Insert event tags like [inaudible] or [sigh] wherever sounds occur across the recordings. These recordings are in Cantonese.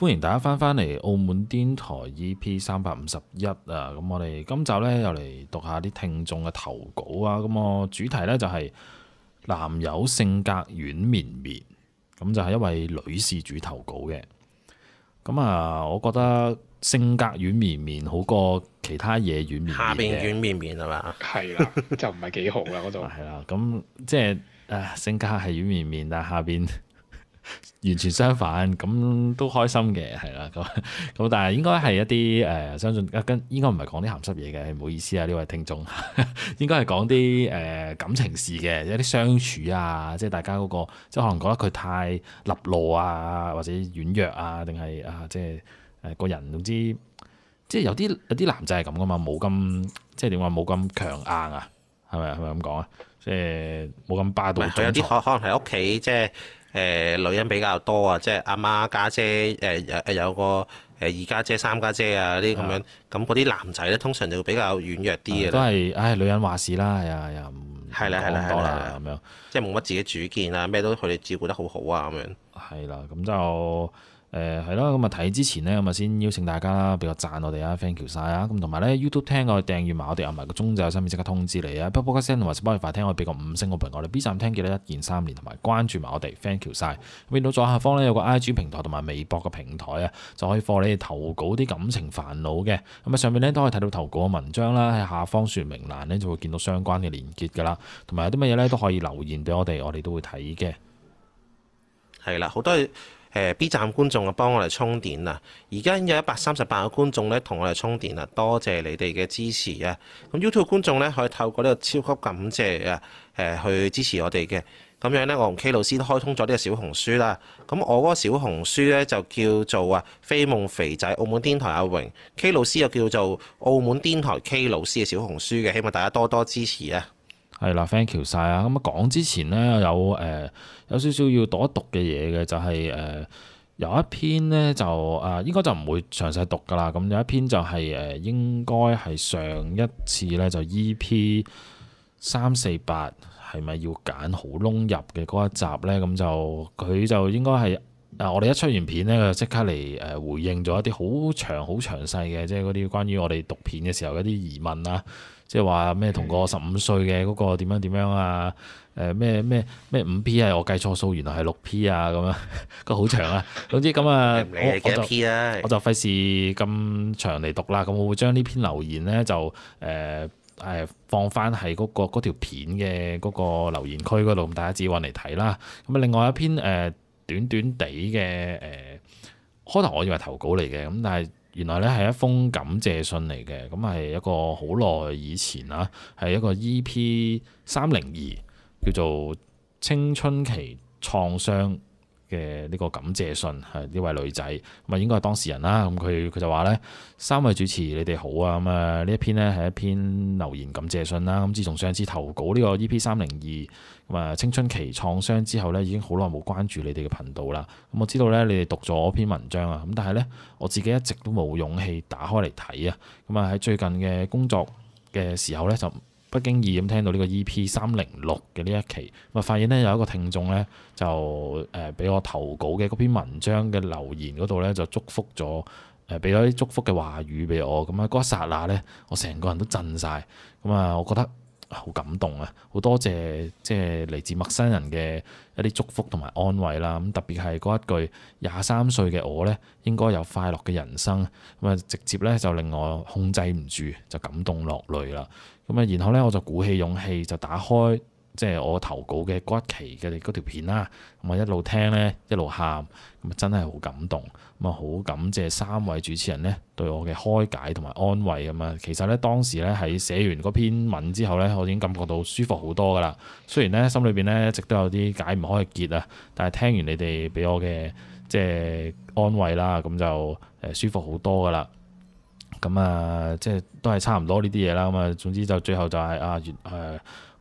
歡迎大家翻返嚟《澳門癲台 EP 三百五十一》啊！咁我哋今集呢，又嚟讀下啲聽眾嘅投稿啊！咁我主題呢，就係、是、男友性格軟綿綿，咁就係一位女事主投稿嘅。咁啊，我覺得性格軟綿綿好過其他嘢軟綿綿。下邊軟綿綿係咪？係啦，就唔係幾好啦嗰度。係啦，咁即係性格係軟綿綿綿，但下邊。完全相反，咁都開心嘅係啦，咁咁但係應該係一啲誒、呃，相信跟應該唔係講啲鹹濕嘢嘅，唔好意思啊，呢位聽眾，應該係講啲誒感情事嘅，一啲相處啊，即係大家嗰、那個，即係可能覺得佢太立路啊，或者軟弱啊，定係啊，即係誒、呃、個人，總之即係有啲有啲男仔係咁㗎嘛，冇咁即係點話冇咁強硬啊，係咪啊，係咪咁講啊？即係冇咁霸道。有啲可能喺屋企即係。誒、呃、女人比較多啊，即係阿媽、家姐，誒有誒有個誒二家姐、三家姐啊啲咁樣，咁嗰啲男仔咧通常就會比較軟弱啲嘅、嗯、都係，唉、哎，女人話事啦，係啊，又唔多啦咁樣，即係冇乜自己主見啊，咩都佢哋照顧得好好啊咁樣。係啦，咁就。誒係咯，咁啊睇之前呢，咁啊先邀請大家啦，俾個贊我哋啊 thank you 晒啊，咁同埋呢 YouTube 聽我哋，訂閱埋我哋，按埋個鐘就有上面即刻通知你啊！Podcast 聽同埋 Spotify 聽，可以俾個五星好評，我哋 B 站聽，記得一鍵三連，同埋關注埋我哋 thank you 晒。見到左下方呢，有個 IG 平台同埋微博嘅平台啊，就可以放你哋投稿啲感情煩惱嘅。咁啊上面呢都可以睇到投稿嘅文章啦，喺下方説明欄呢就會見到相關嘅連結噶啦。同埋有啲乜嘢呢都可以留言俾我哋，我哋都會睇嘅。係啦，好多 B 站觀眾啊，幫我哋充電啦！而家有一百三十八個觀眾咧，同我哋充電啦，多謝你哋嘅支持啊！咁 YouTube 觀眾咧，可以透過呢個超級感謝啊去支持我哋嘅咁樣咧，我同 K 老師都開通咗呢個小紅書啦。咁我嗰個小紅書咧就叫做啊飛夢肥仔，澳門癲台阿榮 K 老師又叫做澳門癲台 K 老師嘅小紅書嘅，希望大家多多支持啊！係啦，thank you 晒啊！咁講之前咧，有誒、呃、有少少要讀一讀嘅嘢嘅，就係、是、誒、呃、有一篇咧就誒、呃、應該就唔會詳細讀噶啦。咁、嗯、有一篇就係、是、誒、呃、應該係上一次咧就 EP 三四八係咪要揀好窿入嘅嗰一集咧？咁就佢就應該係啊、呃！我哋一出完片咧，佢就即刻嚟誒、呃、回應咗一啲好長好詳細嘅，即係嗰啲關於我哋讀片嘅時候一啲疑問啊！即係話咩同個十五歲嘅嗰個點樣點樣啊？誒咩咩咩五 P 係我計錯數，原來係六 P 啊咁樣，都好長啊。總之咁啊 [laughs] 我，我就我就費事咁長嚟讀啦。咁我會將呢篇留言呢，就誒誒、呃、放翻喺嗰個嗰條片嘅嗰個留言區嗰度，大家自揾嚟睇啦。咁啊，另外一篇誒、呃、短短地嘅誒開頭我以為投稿嚟嘅，咁但係，原來咧係一封感謝信嚟嘅，咁係一個好耐以前啦，係一個 EP 三零二叫做《青春期創傷》。嘅呢個感謝信係呢位女仔咁啊，應該係當事人啦。咁佢佢就話咧，三位主持你哋好啊。咁啊，呢一篇呢係一篇留言感謝信啦。咁自從上次投稿呢個 E.P. 三零二咁啊青春期創傷之後呢，已經好耐冇關注你哋嘅頻道啦。咁我知道呢，你哋讀咗篇文章啊。咁但係呢，我自己一直都冇勇氣打開嚟睇啊。咁啊喺最近嘅工作嘅時候呢，就，不經意咁聽到呢個 E.P. 三零六嘅呢一期，咪發現呢有一個聽眾呢，就誒俾我投稿嘅嗰篇文章嘅留言嗰度呢，就祝福咗誒俾咗啲祝福嘅話語俾我咁啊，嗰一剎那呢，我成個人都震晒。咁啊，我覺得好感動啊，好多謝即係嚟自陌生人嘅一啲祝福同埋安慰啦。咁特別係嗰一句廿三歲嘅我呢，應該有快樂嘅人生咁啊，直接呢就令我控制唔住就感動落淚啦。咁啊，然後咧，我就鼓起勇氣，就打開即係、就是、我投稿嘅骨奇嘅嗰條片啦。咁啊，一路聽咧，一路喊，咁啊，真係好感動。咁啊，好感謝三位主持人咧對我嘅開解同埋安慰啊嘛。其實咧，當時咧喺寫完嗰篇文之後咧，我已經感覺到舒服好多噶啦。雖然咧心裏邊咧一直都有啲解唔開嘅結啊，但係聽完你哋俾我嘅即係安慰啦，咁就誒舒服好多噶啦。咁啊、嗯，即係都係差唔多呢啲嘢啦。咁啊，總之就最後就係、是、啊，原誒好、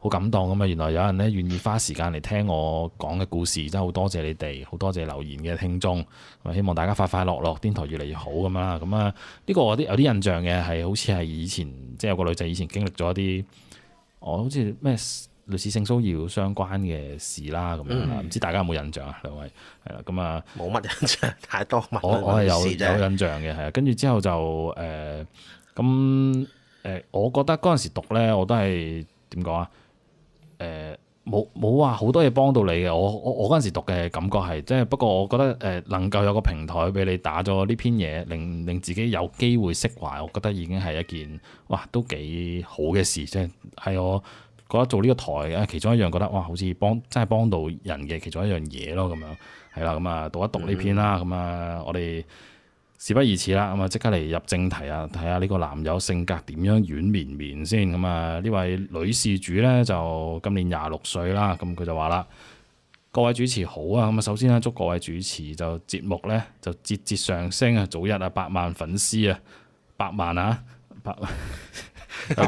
呃、感動咁啊。原來有人咧願意花時間嚟聽我講嘅故事，真係好多謝你哋，好多謝留言嘅聽眾。咁希望大家快快樂樂，癲台越嚟越好咁啦。咁、嗯、啊，呢、嗯這個我啲有啲印象嘅，係好似係以前即係有個女仔以前經歷咗一啲，我好似咩？類似性騷擾相關嘅事啦，咁樣，唔知大家有冇印象啊？兩位係啦，咁啊，冇、嗯、乜印象， [laughs] 太多物，我我係有 [laughs] 有印象嘅，係啊。跟住之後就誒，咁、呃、誒、呃呃，我覺得嗰陣時讀咧，我都係點講啊？誒，冇冇話好多嘢幫到你嘅，我我我嗰陣時讀嘅感覺係，即係不過我覺得誒能夠有個平台俾你打咗呢篇嘢，令令自己有機會釋懷，我覺得已經係一件哇都幾好嘅事，即係係我。覺得做呢個台啊，其中一樣覺得哇，好似幫真係幫到人嘅，其中一樣嘢咯，咁樣係啦，咁啊讀一讀呢篇啦，咁啊、嗯，我哋事不宜遲啦，咁啊，即刻嚟入正題啊，睇下呢個男友性格點樣軟綿綿先，咁啊，呢位女事主咧就今年廿六歲啦，咁佢就話啦，各位主持好啊，咁啊，首先咧祝各位主持就節目咧就節節上升啊，早日啊百萬粉絲啊，百萬啊，百。 [laughs]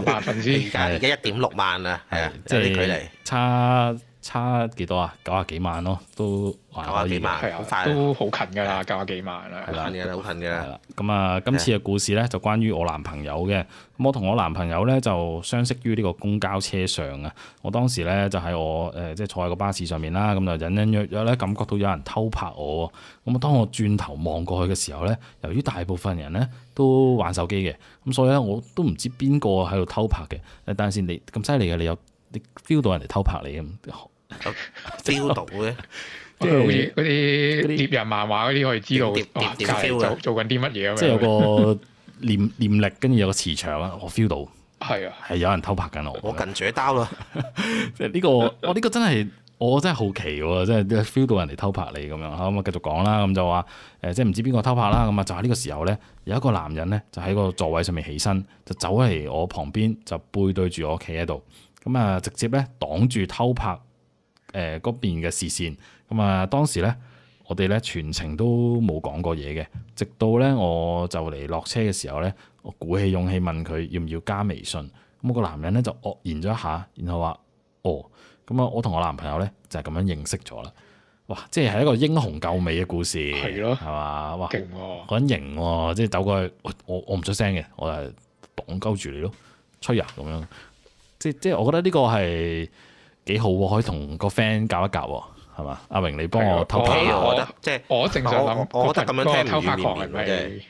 百分之而家一點六萬啊，係啊，即係距離差差幾多啊？九啊幾萬咯，哦，都還可以，係啊，都好近㗎啦，九啊幾萬啦，係啦對，好近㗎啦，係啦。咁啊，今次嘅故事咧就關於我男朋友嘅。咁的我同我男朋友咧就相識於呢個公交車上啊。我當時咧就喺我誒、呃、即係坐喺個巴士上面啦，咁就隱隱約約咧感覺到有人偷拍我。咁啊，當我轉頭望過去嘅時候咧，由於大部分人咧，都玩手機嘅，咁所以咧我都唔知邊個喺度偷拍嘅。但等先，你咁犀利嘅？你有你 feel 到人哋偷拍你咁？feel [laughs] 到嘅，即係好似嗰啲獵人漫畫嗰啲可以知道，點點點點啊、做緊啲乜嘢，即係有個念念力，跟住 [laughs] 有個磁場啦，我 feel 到。係啊，係有人偷拍緊我。 [laughs] 我近住一兜啦，即係呢個，我呢個真係。 [laughs] [laughs] 我、哦、真係好奇喎、哦，即係 feel 到人哋偷拍你咁樣，咁、嗯、我繼續講啦，咁就話誒、呃，即係唔知邊個偷拍啦，咁、嗯、啊就喺呢個時候咧，有一個男人咧就喺個座位上面起身，就走嚟我旁邊，就背對住我企喺度，咁、嗯、啊直接咧擋住偷拍誒嗰、呃、邊嘅視線，咁、嗯、啊、嗯、當時咧我哋咧全程都冇講過嘢嘅，直到咧我就嚟落車嘅時候咧，我鼓起勇氣問佢要唔要加微信，咁、嗯個男人咧就愕然咗一下，然後話哦。咁啊，我同我男朋友咧就係、是、咁樣認識咗啦。哇，即係係一個英雄救美嘅故事，係嘛的？哇，勁喎、啊，咁型喎，即係走過去，我我唔出聲嘅，我就係綁鈎住你咯，吹啊咁樣。即即係我覺得呢個係幾好，可以同個 friend 搞一搞，係嘛？阿榮，你幫我偷拍，即係我正常諗，我覺得咁樣即係偷拍狂係咪？就是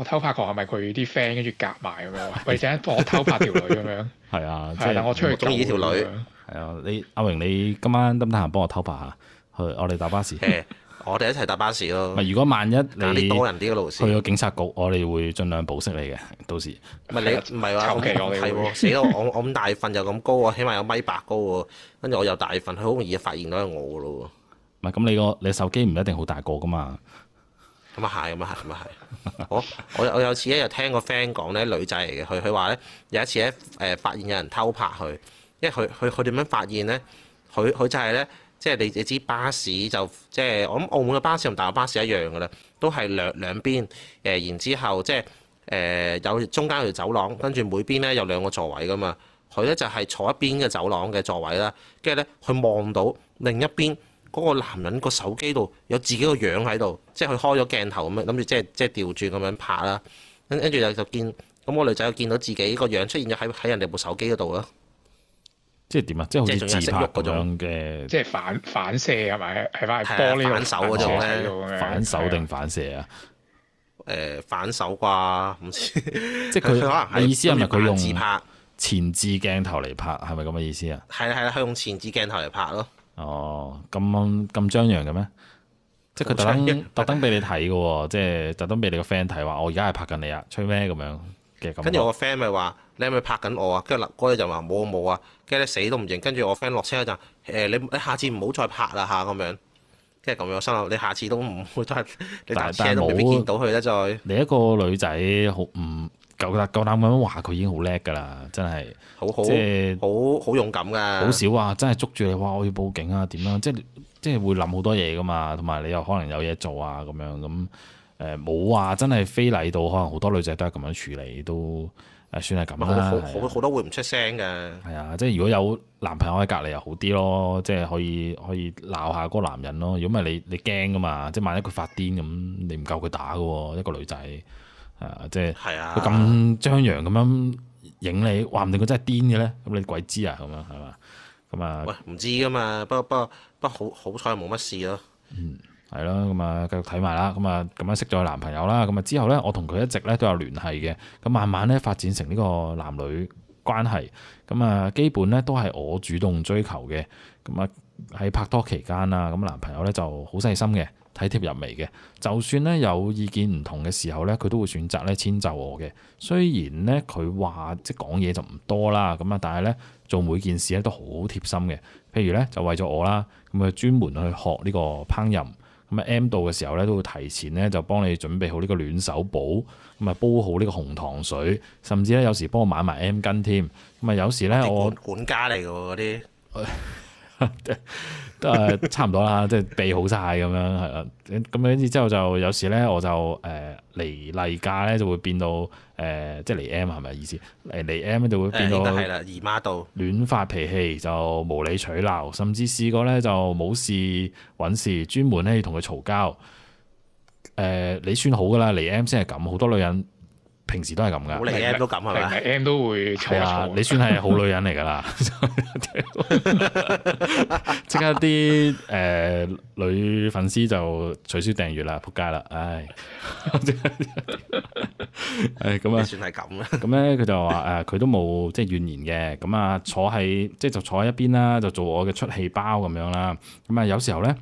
我偷拍狂係咪佢啲 friend 跟住夾埋咁樣，或者我偷拍條女咁樣。係 [laughs] 啊，係、啊、是我出去中意條女。係樣啊，你阿榮，你今晚得唔得閒幫我偷拍下、啊？去我哋搭巴士。我哋一齊搭巴士咯。唔 [laughs] 如果萬一你多人啲嘅路線，去到警察局，我哋會盡量保釋你嘅。到時唔係你唔係話，我係喎，死咯！我咁大份又咁高喎，起碼有米八高喎，跟住我又大份，佢好容易發現到係我咯喎。唔係咁，你個你手機唔一定好大個噶嘛。咁啊係，咁啊係，咁啊係。我我我有次咧，又聽個 friend 講咧，女仔嚟嘅佢，佢話咧有一次咧誒發現有人偷拍佢，因為佢佢佢點樣發現咧？佢佢就係、是、咧，即係你你知巴士就即係、就是、我諗澳門嘅巴士同大陸巴士一樣嘅啦，都係兩兩邊誒、呃，然之後即係誒有中間條走廊，跟住每邊咧有兩個座位噶嘛。佢咧就係坐一邊嘅走廊嘅座位啦，跟住咧佢望到另一邊。嗰個男人個手機度有自己個樣喺度，即係佢開咗鏡頭咁樣，諗住即係即係調轉咁樣拍啦。跟跟住就就見咁個女仔又見到自己個樣出現咗喺喺人哋部手機嗰度啊！即係點啊？即係好似自拍嗰種嘅，即係反反射係咪？係咪反手嗰種咧？反手定反射啊？誒，反手啩？唔知即係佢可能係意思係咪佢用自拍前置鏡頭嚟拍？係咪咁嘅意思啊？係啦係啦，佢用前置鏡頭嚟拍咯。哦，咁咁張揚嘅咩？即係佢特登 [laughs] 特登俾你睇嘅喎，即係特登俾你個 friend 睇話，我而家係拍緊你啊，吹咩咁樣？其實咁。跟住我個 friend 咪話你係咪拍緊我啊？跟住嗰啲人話冇冇啊，跟住你死都唔認。跟住我 friend 落車嗰陣，欸，你你下次唔好再拍啦嚇咁樣，跟住咁樣我心諗你下次都唔會再，你搭車都未必見到佢咧。再你一個女仔好唔？嗯夠膽咁樣話佢已經好叻㗎啦，真係，好好即係好好好勇敢㗎。好少啊，真係捉住你，話，我要報警啊，點啊？即係即係會諗好多嘢㗎嘛，同埋你又可能有嘢做啊，咁樣咁誒冇啊，真係非禮到可能好多女仔都係咁樣處理，都誒算係咁啦。好，好，啊，好多會唔出聲㗎。係啊，即係如果有男朋友喺隔離又好啲咯，即係可以可以鬧下嗰個男人咯。如果唔係你你驚㗎嘛，即係萬一佢發癲咁，你唔夠佢打㗎喎，一個女仔。啊！即係係啊，佢咁張揚咁樣影你，話唔定佢真係癲嘅咧，咁你鬼知啊？咁啊，係嘛？咁啊我，喂，唔知㗎嘛？不過不過不過好好彩冇乜事咯。嗯，係咯。咁啊，繼續睇埋啦。咁啊，咁樣識咗男朋友啦。咁啊，之後咧，我同佢一直咧都有聯繫嘅。咁慢慢咧發展成呢個男女關係。咁啊，基本咧都係我主動追求嘅。咁啊，喺拍拖期間啊，咁男朋友咧就好細心嘅。體貼入微嘅，就算咧有意見唔同嘅時候咧，佢都會選擇咧遷就我嘅。雖然咧佢話即講嘢就唔多啦，咁啊，但係咧做每件事咧都好貼心嘅。譬如咧就為咗我啦，咁啊專門去學呢個烹飪。咁啊 M 到嘅時候咧，都會提前咧就幫你準備好呢個暖手寶，咁啊煲好呢個紅糖水，甚至咧有時幫我買埋 M 巾添。咁啊有時咧我管家嚟㗎喎嗰啲。 [laughs] 都係差唔多啦， [laughs] 即係備好晒咁樣係啦。咁 [laughs] 樣之後就有時咧，我就誒嚟、呃、例假咧就會變到誒、呃，即係嚟 M 係咪意思？嚟嚟 M 咧就會變到係啦，姨媽度亂發脾氣，就無理取鬧，甚至試過咧就冇事搵事，專門咧要同佢嘈交。誒、呃，你算好噶啦，嚟 M 先係咁，好多女人。平時都係咁噶，連 M 都咁噶啦，M 都會錯。你算係好女人嚟噶啦，即 [laughs] [laughs] 刻啲誒、呃、女粉絲就取消訂閱啦，仆街啦，唉，唉咁啊，算係咁啦。咁咧佢就話誒，佢都冇即係怨言嘅，咁啊坐喺即係就係、坐喺一邊啦，就做我嘅出氣包咁樣啦。咁啊有時候咧。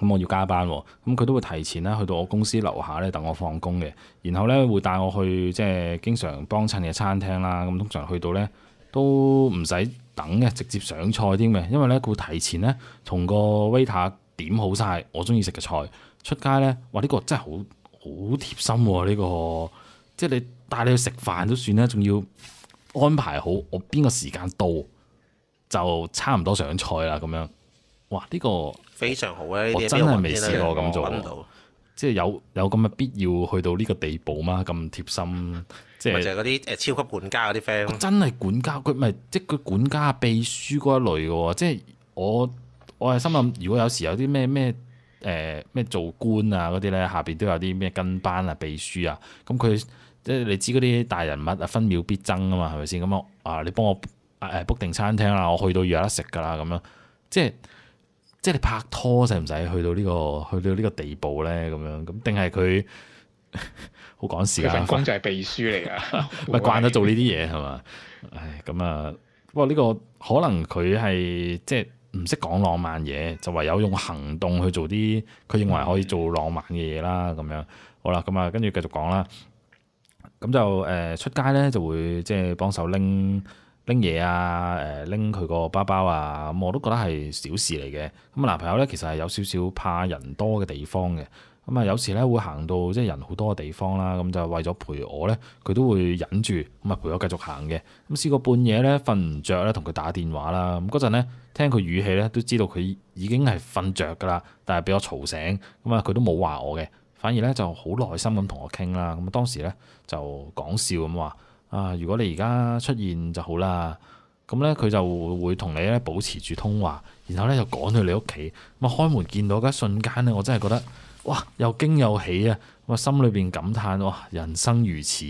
咁我要加班喎、哦，咁佢都會提前咧去到我公司樓下咧等我放工嘅，然後咧會帶我去即係經常幫襯嘅餐廳啦。咁通常去到咧都唔使等嘅，直接上菜添嘅。因為咧佢會提前咧同個 waiter 點好晒我中意食嘅菜，出街咧，哇！呢、呢個真係好好貼心喎、啊，呢、呢個即係你帶你去食飯都算啦，仲要安排好我邊個時間到就差唔多上菜啦咁樣。哇！呢、呢個～非常好咧！我真係未試過咁做，到即係有有咁嘅必要去到呢個地步嗎？咁貼心，即係就係嗰啲誒超級管家嗰啲 friend。我真係管家佢咪即係佢管家、管家秘書嗰一類嘅喎，即係我我係心諗，如果有時有啲咩咩誒咩做官啊嗰啲咧，下邊都有啲咩跟班啊、秘書啊，咁佢即係你知嗰啲大人物啊，分秒必爭啊嘛，係咪先咁啊？啊，你幫我誒 book 定餐廳啊，我去到有得食㗎啦，咁樣即係。即即係你拍拖使唔使去到呢個去到呢個地步咧？咁樣咁，定係佢好趕時間？份工就係秘書嚟噶，咪慣咗做呢啲嘢係嘛？唉，咁啊，不過，呢個可能佢係即係唔識講浪漫嘢，就唯有用行動去做啲佢認為可以做浪漫嘅嘢啦。咁樣好啦，咁啊，跟住繼續講啦。咁就誒，出街咧就會即係幫手拎。就是拎嘢啊，誒拎佢個包包啊，咁我都覺得係小事嚟嘅。咁啊，男朋友咧其實係有少少怕人多嘅地方嘅。咁啊，有時咧會行到即係人好多嘅地方啦，咁就為咗陪我咧，佢都會忍住咁啊陪我繼續行嘅。咁試過半夜咧瞓唔着咧，同佢打電話啦。咁嗰陣咧聽佢語氣咧都知道佢已經係瞓着㗎啦，但係俾我嘈醒，咁啊佢都冇話我嘅，反而咧就好耐心咁同我傾啦。咁當時咧就講笑咁話。啊！如果你而家出現就好啦，咁呢，佢就會同你咧保持住通話，然後呢，就趕去你屋企。咁啊開門見到一瞬間咧，我真係覺得哇，又驚又喜啊！我心裏邊感嘆哇，人生如此。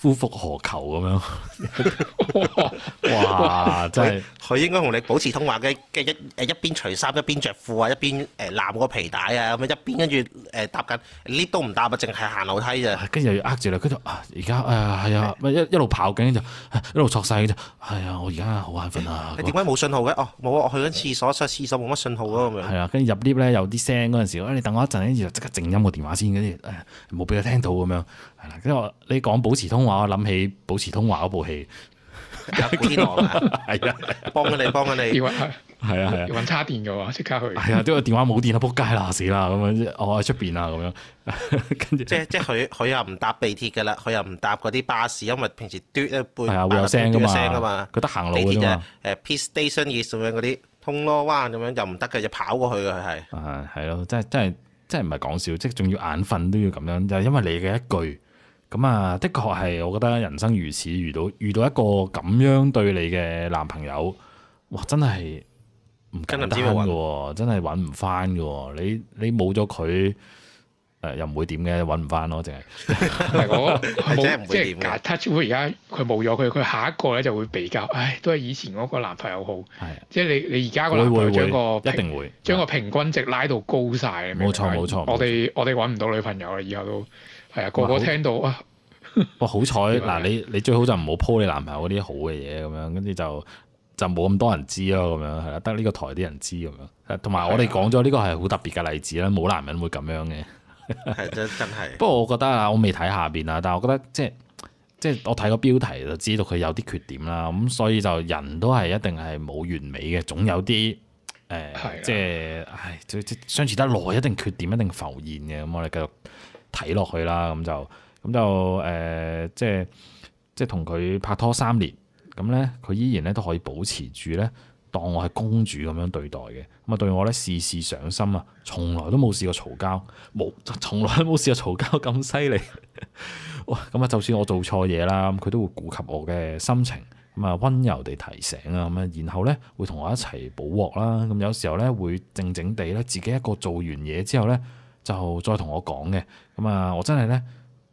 夫復何求咁樣 [laughs] 哇？哇！真係佢應該同你保持通話嘅嘅一誒一邊除衫一邊着褲啊，一邊誒攬個皮帶啊咁樣一邊跟住誒搭緊 lift 都唔搭啊，淨係行樓梯咋？跟住又要呃住你，跟住啊而家啊係啊，咪一一路跑緊就一路錯曬嘅就係啊！哎、呀我而家好眼瞓啊！你點解冇信號嘅？哦、啊，冇啊！我去緊廁所，廁廁所冇乜信號咯咁樣。係啊，跟住入 lift 咧有啲聲嗰陣時、哎，你等我一陣，跟住就即刻靜音個電話先，跟住誒冇俾佢聽到咁樣。哎因為你講保持通話，我諗起保持通話嗰部戲有古天樂啊，係啊，幫佢哋，幫佢哋，係啊，係啊，要話叉電嘅話，即刻去，係啊，都係電話冇電啦，扑街啦，死啦，咁樣我喺出邊啊，咁樣，跟住、anyway, [laughs] 嗯、即即佢佢又唔搭地鐵噶啦，佢又唔搭嗰啲巴士，boat, 因為平時嘟一半係啊會有聲噶嘛，佢得 [music] 行路嘅嘛，誒，P. Station 咁樣嗰啲，通囉，哇，咁樣就唔得嘅，就跑過去嘅係，啊係咯，真真真唔係講笑，即仲要眼瞓都要咁樣，就因為你嘅一句。 [music] 咁啊，的確係，我覺得人生如此，遇到遇到一個咁樣對你嘅男朋友，哇，真係唔簡單㗎喎，真係搵唔返㗎喎，你你冇咗佢。又唔會點嘅，揾唔翻咯，淨係即係，唔會點而家佢冇咗佢，佢下一個咧就會比較，唉，都係以前嗰個男朋友好，係即係你你而家個男朋友將個一定會將個平均值拉到高晒，冇錯冇錯，我哋我哋揾唔到女朋友啦，以後都係啊，個個聽到啊，哇好彩嗱，你你最好就唔好 po 你男朋友啲好嘅嘢咁樣，跟住就就冇咁多人知咯，咁樣係啦，得呢個台啲人知咁樣，誒，同埋我哋講咗呢個係好特別嘅例子啦，冇男人會咁樣嘅。真真係， [laughs] 不過我覺得啊，我未睇下邊啊，但係我覺得即係即係我睇個標題就知道佢有啲缺點啦，咁、嗯、所以就人都係一定係冇完美嘅，總有啲誒、呃是的，即係唉，相處得耐一定缺點一定浮現嘅，咁、嗯、我哋繼續睇落去啦，咁、嗯、就咁就誒，即係即係同佢拍拖三年，咁咧佢依然咧都可以保持住咧。當我係公主咁樣對待嘅，咁啊對我咧事事上心啊，從來都冇試過嘈交，冇從來都冇試過嘈交咁犀利。 [laughs] 哇！咁啊，就算我做錯嘢啦，咁佢都會顧及我嘅心情，咁啊溫柔地提醒啦，咁、嗯、啊然後咧會同我一齊補鑊啦。咁、嗯、有時候咧會靜靜地咧自己一個做完嘢之後咧就再同我講嘅。咁、嗯、啊，我真係咧。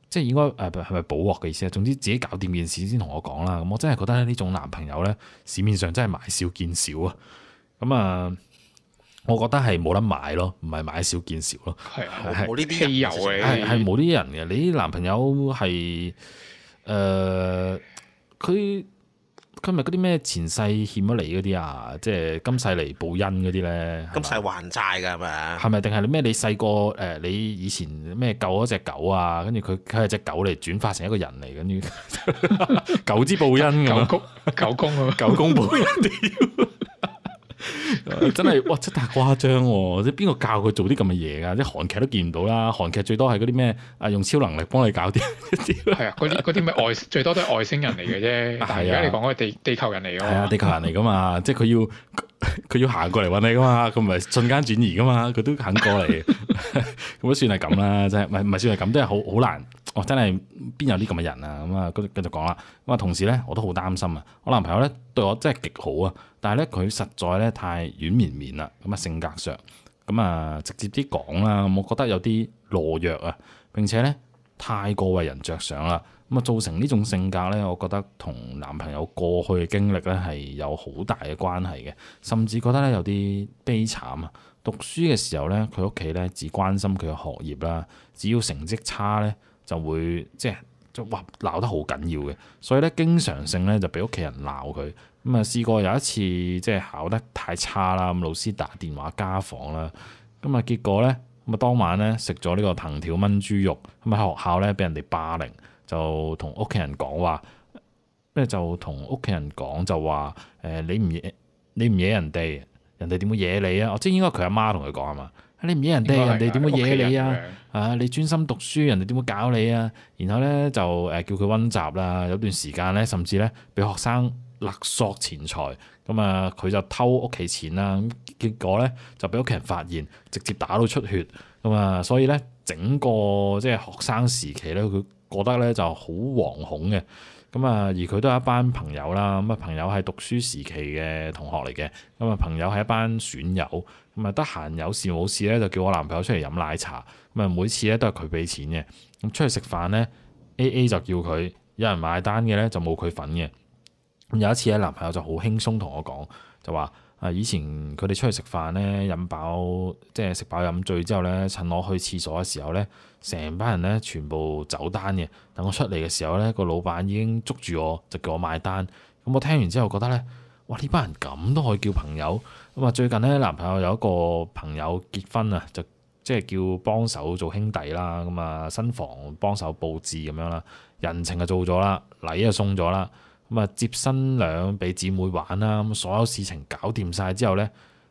即係應該誒係咪補鑊嘅意思啊？總之自己搞掂件事先同我講啦。咁我真係覺得呢種男朋友咧，市面上真係買少見少啊。咁、嗯、啊，我覺得係冇得買咯，唔係買少見少咯。係係冇呢啲人嘅，係係冇啲人嘅。你啲男朋友係誒佢。呃係咪嗰啲咩前世欠咗你嗰啲啊，即係今世嚟報恩嗰啲咧？今世還債噶係咪？係咪定係你咩？你細個誒，你以前咩救嗰隻狗啊？跟住佢佢係隻狗嚟轉化成一個人嚟，跟住狗之報恩咁。狗公狗公啊！狗公報恩。 [laughs] [laughs] [laughs] 真係哇，真係誇張喎！即係邊個教佢做啲咁嘅嘢噶？即韓劇都見唔到啦，啊，韓劇最多係嗰啲咩啊，用超能力幫你搞啲係 [laughs] 啊，嗰啲嗰啲咩外 [laughs] 最多都係外星人嚟嘅啫。而家嚟講係地、哎、呀地球人嚟嘅，係啊，地球人嚟噶嘛， [laughs] 即係佢要佢要行過嚟揾你噶嘛，佢唔係瞬間轉移噶嘛，佢都肯過嚟，咁都 [laughs] [laughs] 算係咁啦，真係唔係唔係算係咁，都係好好難。真係邊有啲咁嘅人啊？咁啊，繼續講啦。咁啊，同時咧，我都好擔心啊。我男朋友咧對我真係極好啊，但係咧佢實在咧太。係軟綿綿啦，咁啊性格上，咁啊直接啲講啦，我覺得有啲懦弱啊，並且咧太過為人着想啦，咁啊造成呢種性格咧，我覺得同男朋友過去嘅經歷咧係有好大嘅關係嘅，甚至覺得咧有啲悲慘啊。讀書嘅時候咧，佢屋企咧只關心佢嘅學業啦，只要成績差咧就會即係就係話鬧得好緊要嘅，所以咧經常性咧就俾屋企人鬧佢。咁啊試過有一次即係考得太差啦，咁老師打電話家訪啦。咁啊結果呢，咁啊當晚呢，食咗呢個藤條炆豬肉，同喺學校呢俾人哋霸凌，就同屋企人講話，即就同屋企人講就話，誒、呃、你唔你唔惹人哋，人哋點會惹你啊？我即係應該佢阿媽同佢講啊嘛，你唔惹人哋，人哋點會惹你啊？啊你專心讀書，人哋點會搞你啊？然後呢，就誒叫佢温習啦，有段時間呢，甚至呢，俾學生。勒索錢財，咁啊佢就偷屋企錢啦，咁結果咧就俾屋企人發現，直接打到出血，咁、嗯、啊所以咧整個即係學生時期咧，佢覺得咧就好惶恐嘅，咁、嗯、啊而佢都係一班朋友啦，咁、嗯、啊朋友係讀書時期嘅同學嚟嘅，咁、嗯、啊朋友係一班損友，咁啊得閒有事冇事咧就叫我男朋友出嚟飲奶茶，咁、嗯、啊每次咧都係佢俾錢嘅，咁、嗯、出去食飯咧 A A 就叫佢，有人買單嘅咧就冇佢份嘅。有一次咧，男朋友就好輕鬆同我講，就話：誒，以前佢哋出去食飯咧，飲飽即係食飽飲醉之後咧，趁我去廁所嘅時候咧，成班人咧全部走單嘅。等我出嚟嘅時候咧，個老闆已經捉住我就叫我買單。咁我聽完之後覺得咧，哇！呢班人咁都可以叫朋友咁啊。最近咧，男朋友有一個朋友結婚啊，就即係叫幫手做兄弟啦，咁啊新房幫手佈置咁樣啦，人情就做咗啦，禮就送咗啦。咁啊，接新娘俾姊妹玩啦，咁所有事情搞掂晒。之後呢，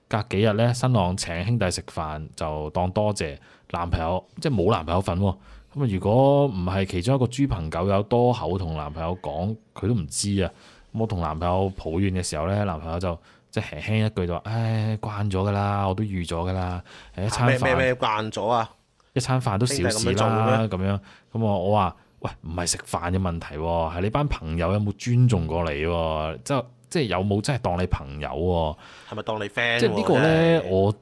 隔幾日呢，新郎請兄弟食飯，就當多謝,謝男朋友，即係冇男朋友份喎。咁啊，如果唔係其中一個豬朋狗友多口同男朋友講，佢都唔知啊。咁我同男朋友抱怨嘅時候呢，男朋友就即係輕輕一句就話：唉，慣咗噶啦，我都預咗噶啦。一餐飯咩咩慣咗啊？咩咩一餐飯都小事啦，咁樣咁我我話。喂，唔係食飯嘅問題，係你班朋友有冇尊重過你？即即係有冇真係當你朋友？係咪當你 friend？即係呢個呢，的我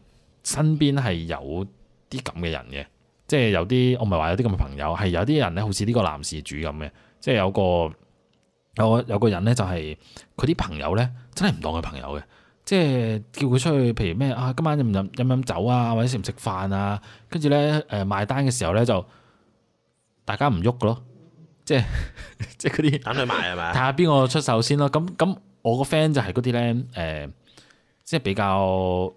身邊係有啲咁嘅人嘅，即係有啲我唔係話有啲咁嘅朋友，係有啲人呢好似呢個男事主咁嘅，即係有個有個有個人呢就係佢啲朋友呢真係唔當佢朋友嘅，即係叫佢出去，譬如咩啊，今晚飲唔飲飲酒啊，或者食唔食飯啊，跟住呢，誒、呃，埋單嘅時候呢就。.大家唔喐嘅咯，即係即係嗰啲等佢買係嘛？睇下邊個出售先咯。咁咁我個 friend 就係嗰啲咧，誒、呃，即係比較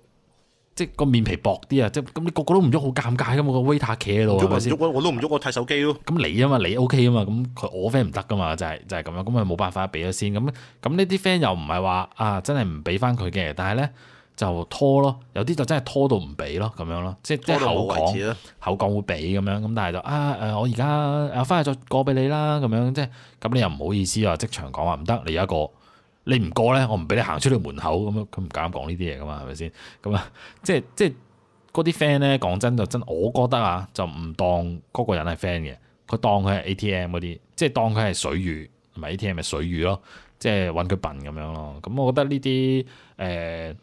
即係個面皮薄啲啊，即係咁你個個都唔喐，好尷尬噶嘛。個 waiter 企喺度，唔喐唔喐，我都唔喐，我睇手機咯。咁你啊嘛，你 O K 啊嘛，咁佢我 friend 唔得噶嘛，就係就係咁樣，咁咪冇辦法俾咗先。咁咁呢啲 friend 又唔係話啊，真係唔俾翻佢嘅，但係咧。就拖咯，有啲就真係拖到唔俾咯，咁樣咯，即係即係口講，口講會俾咁樣，咁但係就啊誒，我而家翻去再過俾你啦，咁樣即係咁你又唔好意思啊，即場講話唔得，你有一個你唔過咧，我唔俾你行出去門口咁樣，佢唔敢講呢啲嘢噶嘛，係咪先？咁啊，即係即係嗰啲 friend 咧，講真就真，我覺得啊，就唔當嗰個人係 friend 嘅，佢當佢係 ATM 嗰啲，即係當佢係水魚唔係 ATM 嘅水魚咯，即係揾佢笨咁樣咯。咁我覺得呢啲誒。呃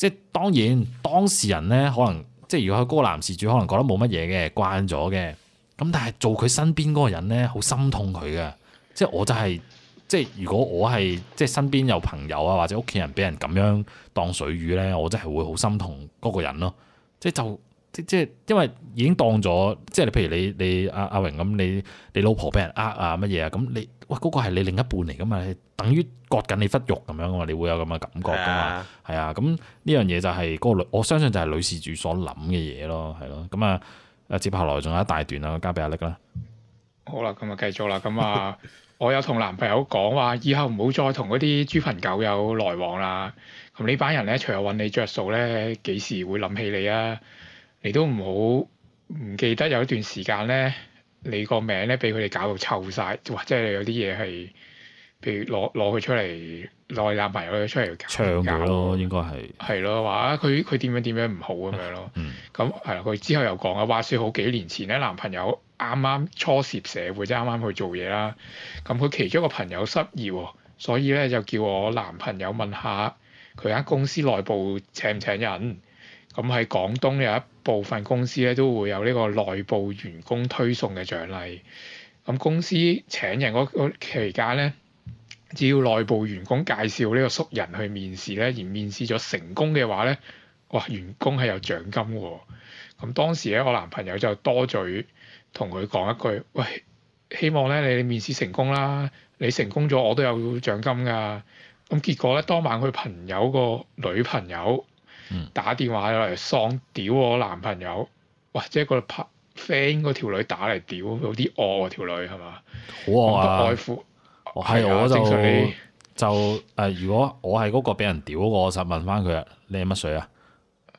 即係當然，當事人咧可能即係如果嗰個男事主可能覺得冇乜嘢嘅慣咗嘅，咁但係做佢身邊嗰個人咧，好心痛佢嘅。即係我就係、是、即係如果我係即係身邊有朋友啊或者屋企人俾人咁樣當水魚咧，我真係會好心痛嗰個人咯。即係就。即即因為已經當咗，即係你譬如你你阿阿榮咁，你你老婆俾人呃啊乜嘢啊咁，你，喂，嗰個係你另一半嚟噶嘛，你等於割緊你骨肉咁樣噶嘛，你會有咁嘅感覺噶嘛，係是啊，啊，咁呢樣嘢就係嗰個，我相信就係女事主所諗嘅嘢咯，係咯，咁啊，誒接下來仲有一大段啊，交俾阿力啦。好啦，咁啊繼續啦，咁啊， [laughs] 我有同男朋友講話，以後唔好再同嗰啲豬朋狗友來往啦。咁呢班人咧，除咗揾你着數咧，幾時會諗起你啊？你都唔好唔記得有一段時間咧，你個名咧俾佢哋搞到臭晒，或者你有啲嘢係，譬如攞攞佢出嚟，攞你男朋友出嚟，唱㗎咯，的應該係。係咯，話佢佢點樣點樣唔好咁樣咯。咁係啦，佢之後又講啊，話說好幾年前咧，男朋友啱啱初涉社會，即係啱啱去做嘢啦。咁佢其中一個朋友失業喎，所以咧就叫我男朋友問下佢間公司內部請唔請人。咁喺廣東有一部分公司咧都會有呢個內部員工推送嘅獎勵。咁公司請人嗰個期間呢，只要內部員工介紹呢個熟人去面試呢，而面試咗成功嘅話呢，哇，員工係有獎金喎。咁當時咧，我男朋友就多嘴同佢講一句：「喂，希望咧你面試成功啦，你成功咗我都有獎金㗎。」咁結果咧，當晚佢朋友個女朋友。嗯、打電話嚟喪屌我男朋友，或者係個拍 friend 嗰條女打嚟屌，有啲惡喎，條女係嘛？好啊，唔多愛護。係我就就誒、呃，如果我係嗰個俾人屌個，我實問翻佢啊，啊，你係乜水啊？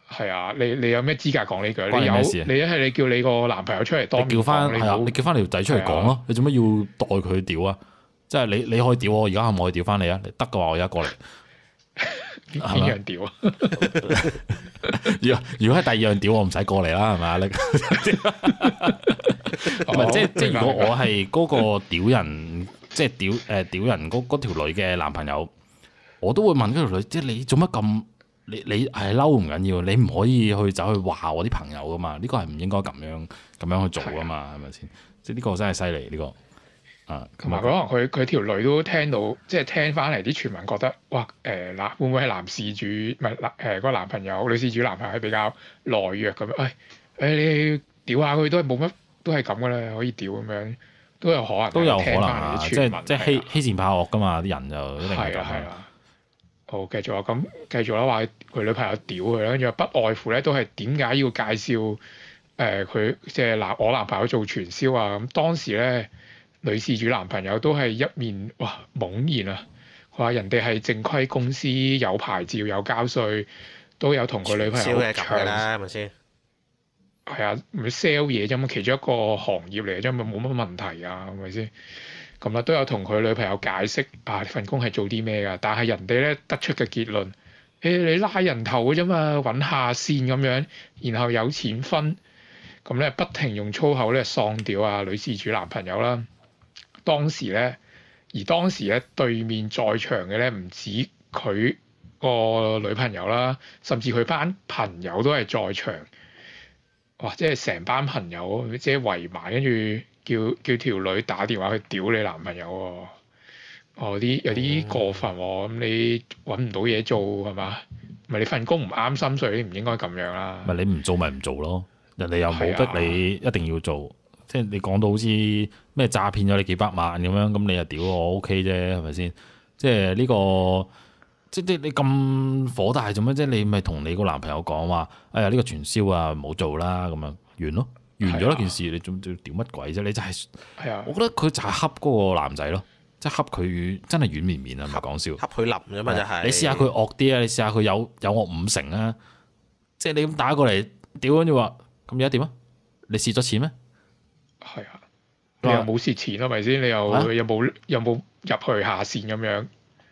係啊，你有資你，你有咩資格講呢句？關你咩事啊？你一係你叫你個男朋友出嚟當，叫翻你叫翻條仔出嚟講咯。你做乜、啊、要代佢屌啊？即、就、係、是、你你，你可以屌我，而家可唔可以屌翻你啊？得嘅話，我而家過嚟。 [laughs] 邊樣屌啊？如 [laughs] 如果係第二樣屌，我唔使過嚟啦，係咪啊？唔、like, 係 [laughs] 是 [laughs] 即即，即，即如果我係嗰個屌人， [laughs] 即係屌誒屌人嗰嗰條女嘅男朋友，我都會問嗰條女，即係你做乜咁？你你係嬲唔緊要，你唔、哎、可以去走去話我啲朋友噶嘛？呢、這個係唔應該咁樣咁樣去做噶嘛？係咪先？即係呢、這個真係犀利呢個。同埋，嗯嗯、可能佢佢條女都聽到， [noise] 即係聽翻嚟啲傳聞，覺得哇誒男、呃、會唔會係男事主，唔係男誒個男朋友，女事主男朋友係比較懦弱咁樣。誒、哎、誒、哎，你屌下佢都係冇乜，都係咁噶啦，可以屌咁樣都有可能都有可能啊，即係是、啊、即係欺欺善怕惡噶嘛，啲人就係啊係啊。好、啊啊嗯嗯、繼續啊，咁繼續啦，話佢女朋友屌佢啦，跟住又不外乎咧，都係點解要介紹誒佢、呃呃、即係男我男朋友做傳銷啊？咁當時咧。女事主男朋友都係一面哇，懵然啊！佢話人哋係正規公司，有牌照，有交稅，都有同佢女朋友。銷售嘅啦，係咪先？係啊，咪 sell 嘢啫嘛，其中一個行業嚟啫嘛，冇乜問題啊，係咪先咁啊？都有同佢女朋友解釋啊，份工係做啲咩噶？但係人哋咧得出嘅結論誒，你拉人頭嘅啫嘛，揾下線咁樣，然後有錢分咁咧，不停用粗口咧喪掉啊！女事主男朋友啦。當時咧，而當時咧，對面在場嘅咧，唔止佢個女朋友啦，甚至佢班朋友都係在場。哇！即係成班朋友即係圍埋，跟住叫叫條女打電話去屌你男朋友喎、喔。哦、喔，啲有啲過分喎、喔。咁、嗯、你揾唔到嘢做係嘛？咪你份工唔啱心水，你唔應該咁樣啦。咪你唔做咪唔做咯。人哋又冇逼你一定要做，即係、啊、你講到好似。咩詐騙咗你幾百萬咁樣？咁你又屌我 OK 啫，係咪先？即係呢個，即係你咁火大做咩啫？你咪同你個男朋友講話，哎呀呢個傳銷啊，唔好做啦，咁樣完咯，完咗呢件事，你仲要屌乜鬼啫？你就係，係啊，我覺得佢就係恰嗰個男仔咯，即係恰佢真係軟綿綿啊，唔係講笑，恰佢腍啫嘛就係。你試下佢惡啲啊？你試下佢有有我五成啊？即係你咁打過嚟，屌跟住話咁而家點啊？你蝕咗錢咩？係啊。你又冇蝕錢咯，咪先？你又有冇、啊、又冇入去下線咁樣、樣？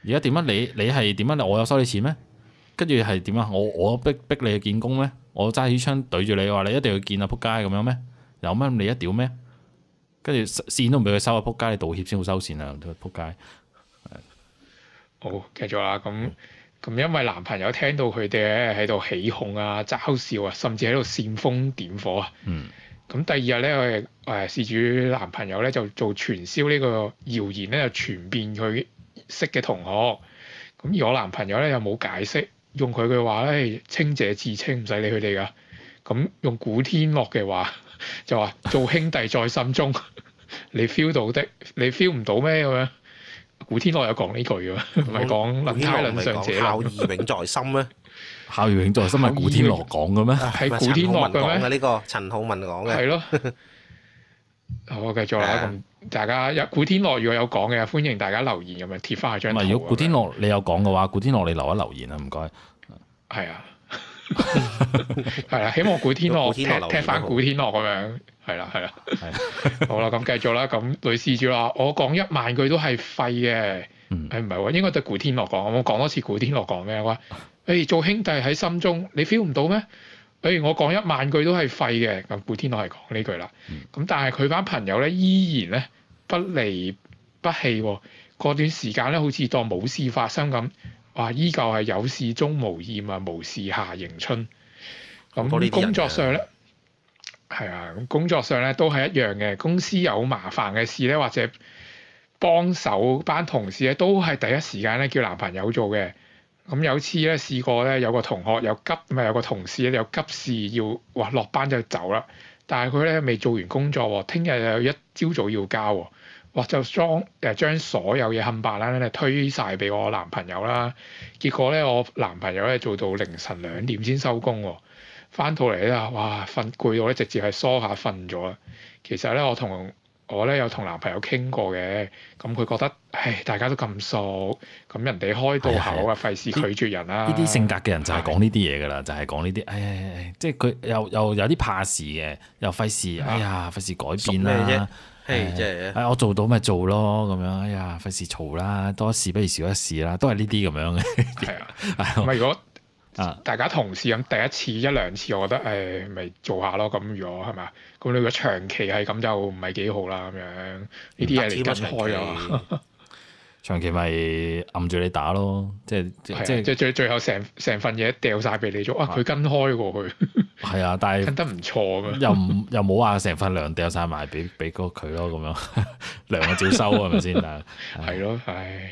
而家點啊？你你係點啊？我有收你錢咩？跟住係點啊？我我逼逼你去見工咩？我揸起槍對住你話你一定要見啊！撲街咁樣咩？有咩？你一屌咩？跟住線都唔俾佢收啊！撲街，你道歉先好收線啊！撲街。好、哦，繼續啦。咁咁，因為男朋友聽到佢哋喺度起哄啊、嘲笑啊，甚至喺度煽風點火啊。嗯。咁第二日咧，我誒事主男朋友咧就做傳銷呢個謠言咧，就傳遍佢識嘅同學。咁而我男朋友咧又冇解釋，用佢嘅話咧，清者自清，唔使理佢哋㗎。咁用古天樂嘅話就話：做兄弟在心中， [laughs] [laughs] 你 feel 到的，你 feel 唔到咩咁樣？古天樂有講呢句嘅，唔係講論他論上者，有 [laughs] 是說 義勇在心咩？ [laughs] 效如永在，先係古天樂講嘅咩？係古天樂講嘅呢個陳浩文講嘅。係咯。好，繼續啦。大家有古天樂如果有講嘅，歡迎大家留言咁樣貼翻係張圖。如果古天樂你有講嘅話，古天樂你留一留言啊，唔該。係啊，係啦，希望古天樂踢翻古天樂咁樣，係啦，係啦，係。好啦，咁繼續啦。咁女士主啦，我講一萬句都係廢嘅，嗯，係唔係？應該對古天樂講，我講多次古天樂講咩話？譬如、hey, 做兄弟喺心中，你 feel 唔到咩？譬、hey, 如我講一萬句都係廢嘅，咁古天樂係講呢句啦。咁、嗯、但係佢班朋友咧，依然咧不離不棄。過段時間咧，好似當冇事發生咁，哇！依舊係有事鍾無艷啊，無事夏迎春。咁工作上咧，係啊，工作上咧都係一樣嘅。公司有麻煩嘅事咧，或者幫手班同事咧，都係第一時間咧叫男朋友做嘅。咁、嗯、有次咧試過咧，有個同學有急，唔係，有個同事咧有急事要，哇落班就走啦。但係佢咧未做完工作喎、哦，聽日又一朝早要交喎、哦，哇就裝誒將所有嘢冚唪唥咧推晒俾我男朋友啦。結果咧，我男朋友咧做到凌晨兩點先收工喎，翻到嚟咧，哇瞓攰到咧直接係梳下瞓咗。其實咧我同我咧有同男朋友傾過嘅，咁佢覺得，唉，大家都咁熟，咁人哋開到口啊，費事拒絕人啦。呢啲性格嘅人就係講呢啲嘢噶啦，就係講呢啲，唉，即係佢又又有啲怕事嘅，又費事，哎呀，費事改變啦。熟咩啫？係即係，我做到咪做咯，咁樣，哎呀，費事嘈啦，多一事不如少一事啦，都係呢啲咁樣嘅，係如果。大家同事咁第一次一兩次，我覺得誒，咪做下咯。咁如果係咪，咁你如果長期係咁就唔係幾好啦。咁樣呢啲嘢嚟緊開啊！長期咪暗住你打咯，即係即係即係最最後成成份嘢掉晒俾你做，啊！佢跟開過去。係啊，但係跟得唔錯啊！又又冇話成份糧掉晒埋俾俾佢咯，咁樣糧我照收啊，係咪先啊？係咯，係。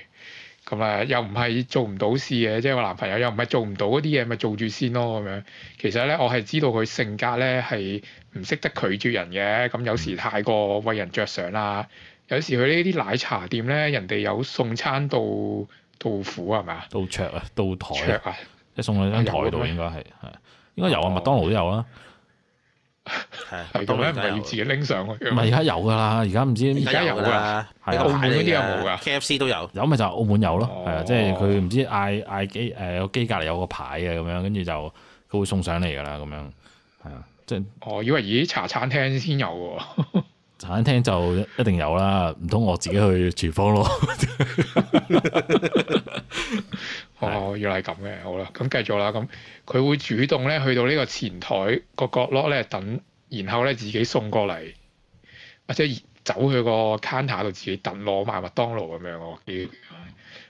咁啊、嗯，又唔係做唔到事嘅，即係我男朋友又唔係做唔到嗰啲嘢，咪做住先咯咁樣。其實咧，我係知道佢性格咧係唔識得拒絕人嘅。咁有時太過為人着想啦、啊。有時去呢啲奶茶店咧，人哋有送餐到到府啊，係咪啊？到桌啊，到台啊，即係送你張台度應該係係、啊、應，應該有啊，麥當勞都有啦、啊。哦。係，做咩唔係要自己拎上去？去，唔係而家有噶啦，而家唔知而家有噶啦，係的澳門啲有冇噶？K F C 都有，有咪就，就澳門有咯，係啊、哦，即係佢唔知嗌嗌機誒，有機隔籬有個牌啊，咁樣跟住就佢會送上嚟噶啦，咁樣係啊，即係。我、就是哦、以為咦茶餐廳先有喎。 [laughs] 餐廳就一定有啦，唔通我自己去廚房咯？ [laughs] [laughs] 哦，原來係咁嘅，好啦，咁繼續啦。咁佢會主動咧去到呢個前台個角落咧等，然後咧自己送過嚟，或者走去個 counter 度自己等攞埋麥當勞咁樣喎。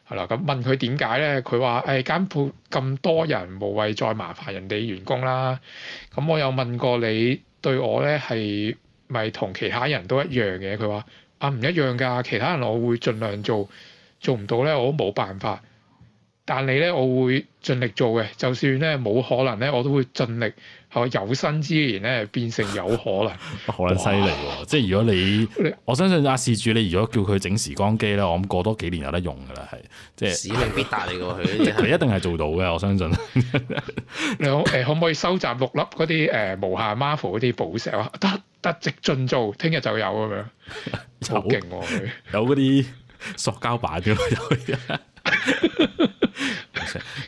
係啦，咁問佢點解咧？佢、欸、話：誒間鋪咁多人，無謂再麻煩人哋員工啦。咁我有問過你對我咧係。咪同其他人都一樣嘅，佢話啊唔一樣噶，其他人我會盡量做，做唔到咧我都冇辦法。但你咧，我會盡力做嘅。就算咧冇可能咧，我都會盡力，係有生之年咧變成有可能。 [laughs] 可能犀利喎！哇即係如果你，你我相信阿事主，啊、你如果叫佢整時光機咧，我諗過多幾年有得用㗎啦，係。使力必、啊、你過去。佢一定係做到嘅，我相信。 [laughs] 你好，誒可唔可以收集六粒嗰啲誒無限 Marvel 嗰啲寶石啊？得得即盡做，聽日就有咁樣。好勁喎！有嗰啲塑膠板。 [laughs] [laughs]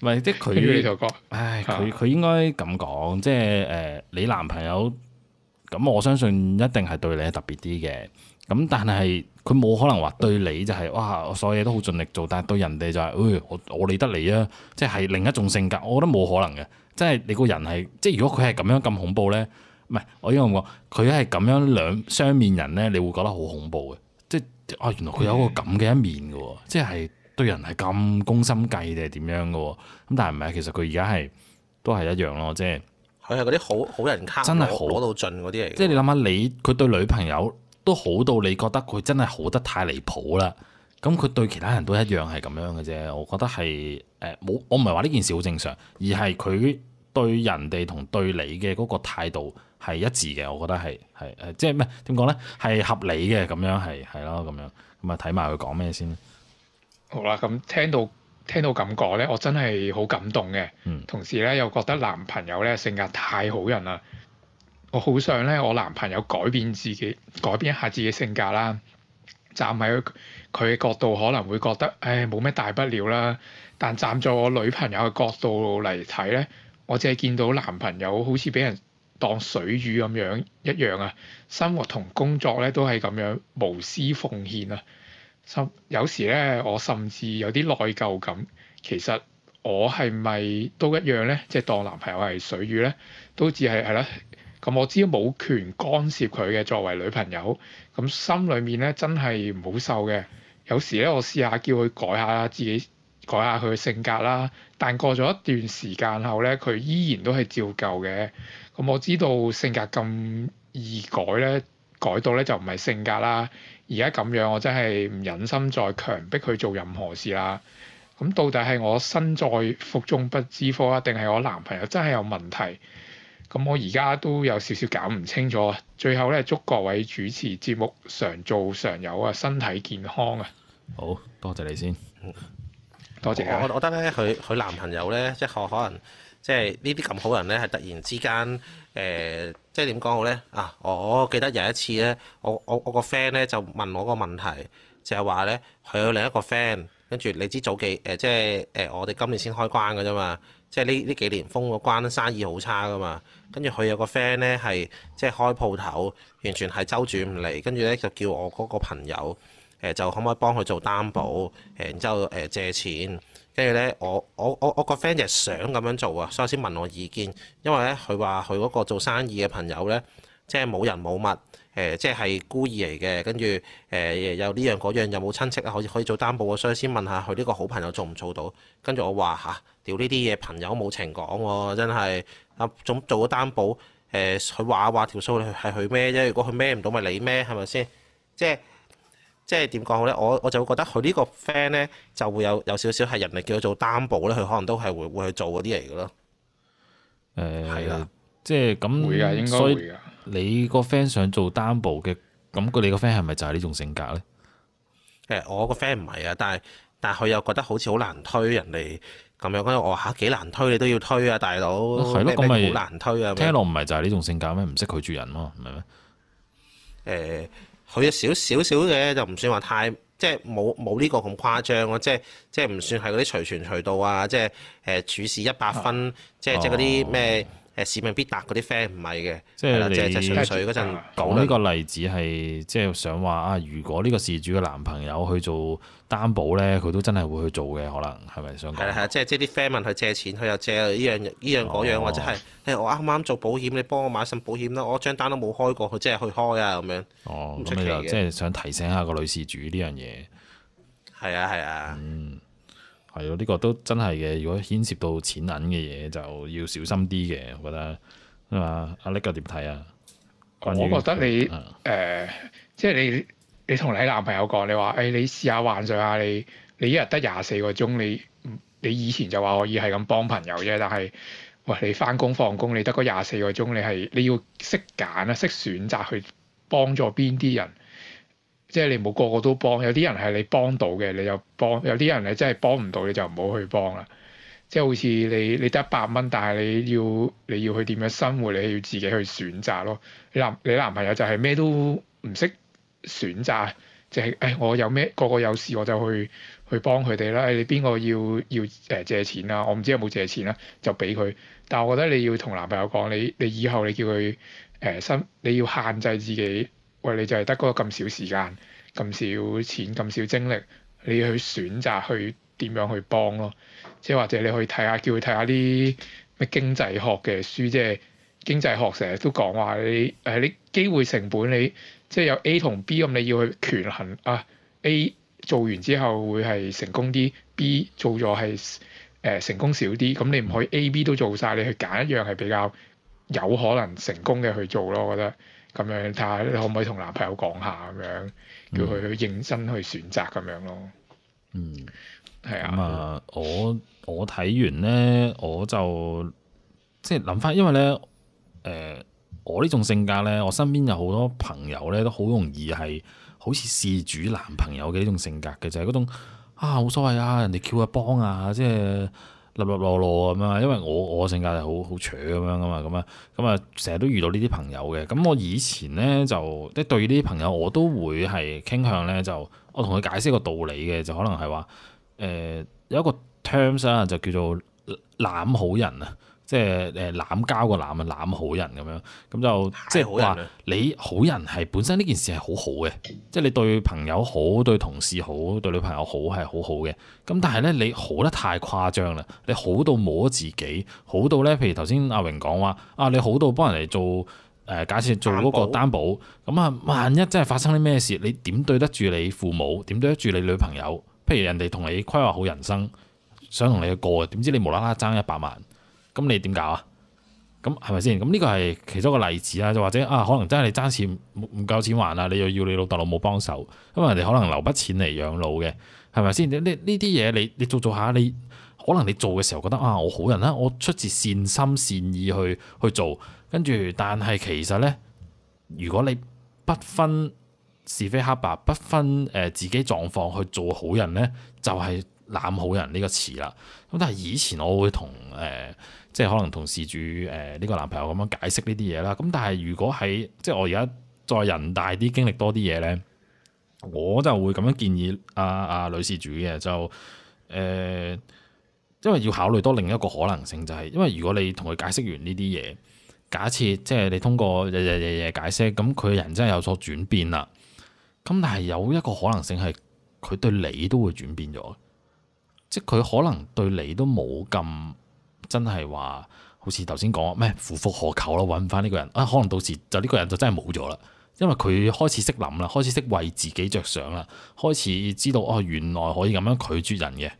唔係，即係佢。 [laughs] 歌唉，佢佢 [laughs] 應該咁講，即係誒、呃，你男朋友咁，我相信一定係對你係特別啲嘅。咁但係佢冇可能話對你就係、是、哇，我所有嘢都好盡力做，但係對人哋就係、是，誒，我我理得你啊，即、就、係、是、另一種性格。我覺得冇可能嘅，即係你個人係，即係如果佢係咁樣咁恐怖咧，唔係，我應該咁講佢係咁樣兩雙面人咧，你會覺得好恐怖嘅，即係啊，原來佢有一個咁嘅一面嘅，嗯、即係。對人係咁攻心計定係點樣嘅？咁但係唔係其實佢而家係都係一樣咯，即係佢係嗰啲好好人卡，真係好到盡嗰啲嚟。即係你諗下，你佢對女朋友都好到你覺得佢真係好得太離譜啦。咁佢對其他人都一樣係咁樣嘅啫。我覺得係誒，冇、呃、我唔係話呢件事好正常，而係佢對人哋同對你嘅嗰個態度係一致嘅。我覺得係係誒，即係咩？點講咧？係合理嘅咁樣，係係咯咁樣。咁啊，睇埋佢講咩先。好啦，咁聽到聽到咁講咧，我真係好感動嘅。同時咧，又覺得男朋友咧性格太好人啦。我好想咧，我男朋友改變自己，改變一下自己性格啦。站喺佢嘅角度，可能會覺得，唉，冇咩大不了啦。但站在我女朋友嘅角度嚟睇咧，我只係見到男朋友好似俾人當水魚咁樣一樣啊。生活同工作咧都係咁樣無私奉獻啊。心有時咧，我甚至有啲內疚感。其實我係咪都一樣咧？即係當男朋友係水魚咧，都只係係啦。咁、嗯、我知冇權干涉佢嘅，作為女朋友。咁、嗯、心裏面咧真係唔好受嘅。有時咧，我試下叫佢改下自己，改下佢嘅性格啦。但過咗一段時間後咧，佢依然都係照舊嘅。咁、嗯、我知道性格咁易改咧。改到咧就唔係性格啦，而家咁樣我真係唔忍心再強迫佢做任何事啦。咁、嗯、到底係我身在福中不知福啊，定係我男朋友真係有問題？咁、嗯、我而家都有少少搞唔清楚啊。最後咧，祝各位主持節目常做常有啊，身體健康啊！好多謝你先，多謝我。我覺得咧，佢佢男朋友咧，即係可能即係呢啲咁好人咧，係突然之間誒。呃即係點講好咧啊！我我記得有一次咧，我我我個 friend 咧就問我個問題，就係話咧佢有另一個 friend 跟住你知早幾誒、呃，即係誒我哋今年先開關嘅啫嘛，即係呢呢幾年封個關生意好差噶嘛，跟住佢有個 friend 咧係即係開鋪頭，完全係周轉唔嚟，跟住咧就叫我嗰個朋友誒、呃、就可唔可以幫佢做擔保誒，然、呃、之後誒、呃、借錢。跟住咧，我我我我個 friend 就想咁樣做啊、呃，所以先問我意見。因為咧，佢話佢嗰個做生意嘅朋友咧，即係冇人冇物，誒，即係孤兒嚟嘅。跟住誒，有呢樣嗰樣，又冇親戚啊，可以可以做擔保啊，所以先問下佢呢個好朋友做唔做到？跟住我話嚇、啊，屌呢啲嘢朋友冇情講喎，真係啊，總做咗擔保，誒、呃，佢話話條數係佢孭啫？如果佢孭唔到咪你孭，係咪先？即係。即係點講好咧？我我就會覺得佢呢個 friend 咧就會有有少少係人哋叫佢做擔保咧，佢可能都係會會去做嗰啲嚟嘅咯。誒係啊，的即係咁。會啊，應該會啊。你個 friend 想做擔保嘅，咁佢你個 friend 係咪就係呢種性格咧？誒、呃，我個 friend 唔係啊，但係但係佢又覺得好似好難推人哋咁樣，跟住我嚇幾、啊、難推你都要推啊，大佬。係咯、啊，咁咪好難推啊！聽落唔係就係呢種性格咩？唔識拒住人咯，唔係咩？誒、呃。佢有少少少嘅就唔算話太，即係冇冇呢個咁誇張咯，即係即係唔算係嗰啲隨傳隨到啊，即係誒、呃、處事一百分，啊、即係即係嗰啲咩。誒使命必達嗰啲 friend 唔係嘅，即係你跟住嗰陣講呢個例子係，即係想話啊，如果呢個事主嘅男朋友去做擔保咧，佢都真係會去做嘅，可能係咪想？係啦係啦，即係即係啲 friend 問佢借錢，佢又借呢樣依樣嗰樣，樣樣哦、或者係誒我啱啱做保險，你幫我買一份保險啦，我張單都冇開過，佢即係去開啊咁樣。哦，咁你又即係想提醒下個女事主呢樣嘢？係啊係啊，嗯。的係咯，呢、這個都真係嘅。如果牽涉到錢銀嘅嘢，就要小心啲嘅。我覺得啊，Alex 點睇啊？我覺得你誒的、呃，即係你你同你男朋友講，你話誒、哎，你試下幻想下，你你一日得廿四個鐘，你你以前就話可以係咁幫朋友啫。但係喂、呃，你返工放工，你得嗰廿四個鐘，你係你要識揀啊，識選擇去幫助邊啲人。即係你冇個個都幫，有啲人係你幫到嘅，你就幫；有啲人你真係幫唔到，你就唔好去幫啦。即係好似你你得百蚊，但係你要你要去點樣生活，你要自己去選擇咯。你男你男朋友就係咩都唔識選擇，就係誒我有咩個個有事我就去去幫佢哋啦。誒你邊個要要誒借錢啊？我唔知有冇借錢啦，就俾佢。但係我覺得你要同男朋友講，你你以後你叫佢誒生你要限制自己。喂、哎，你就係得嗰咁少時間、咁少錢、咁少精力，你要去選擇去點樣去幫咯。即係或者你去睇下，叫佢睇下啲咩經濟學嘅書，即係經濟學成日都講話你誒、哎，你機會成本你即係有 A 同 B 咁，你要去權衡啊 A 做完之後會係成功啲，B 做咗係誒成功少啲，咁你唔可以 A、B 都做晒，你去揀一樣係比較有可能成功嘅去做咯，我覺得。咁樣睇下你可唔可以同男朋友講下咁樣，叫佢去認真去選擇咁樣咯。嗯，係啊。啊，我我睇完咧，我就即係諗翻，因為咧，誒、呃，我呢種性格咧，我身邊有好多朋友咧，都好容易係好似事主男朋友嘅呢種性格嘅，就係、是、嗰種啊，冇所謂啊，人哋叫就幫啊，即、就、係、是。落落落落咁啊，因為我我性格係好好扯咁樣噶嘛，咁啊咁啊，成日都遇到呢啲朋友嘅。咁我以前呢，就，即對呢啲朋友我都會係傾向呢。就我同佢解釋個道理嘅，就可能係話，誒、呃、有一個 terms 啊，就叫做濫好人啊。即係誒濫交個濫啊，濫好人咁樣咁就即係話你好人係本身呢件事係好好嘅，即係你對朋友好，對同事好，對女朋友好係好好嘅。咁但係咧，你好得太誇張啦，你好到冇咗自己，好到咧，譬如頭先阿榮講話啊，你好到幫人嚟做誒，假設做嗰個擔保咁啊，萬一真係發生啲咩事，你點對得住你父母？點對得住你女朋友？譬如人哋同你規劃好人生，想同你去過，點知你無啦啦爭一百萬？咁你點搞啊？咁係咪先？咁呢個係其中一個例子啊，就或者啊，可能真係你爭錢唔唔夠錢還啦，你又要你老豆老母幫手，因為人哋可能留筆錢嚟養老嘅，係咪先？呢呢啲嘢你你，你做做下，你可能你做嘅時候覺得啊，我好人啦，我出自善心善意去去做，跟住但係其實呢，如果你不分是非黑白，不分誒自己狀況去做好人呢，就係、是。濫好人呢個詞啦，咁但係以前我會同誒、呃，即係可能同事主誒呢、呃這個男朋友咁樣解釋呢啲嘢啦。咁但係如果喺即係我而家在人大啲經歷多啲嘢咧，我就會咁樣建議阿、啊、阿、啊、女事主嘅就誒、呃，因為要考慮多另一個可能性、就是，就係因為如果你同佢解釋完呢啲嘢，假設即係你通過日日日日，日解釋，咁佢人真係有所轉變啦。咁但係有一個可能性係佢對你都會轉變咗。即佢可能對你都冇咁真係話，好似頭先講咩，夫復何求咯，揾翻呢個人啊，可能到時就呢個人就真係冇咗啦。因為佢開始識諗啦，開始識為自己着想啦，開始知道哦，原來可以咁樣拒絕人嘅，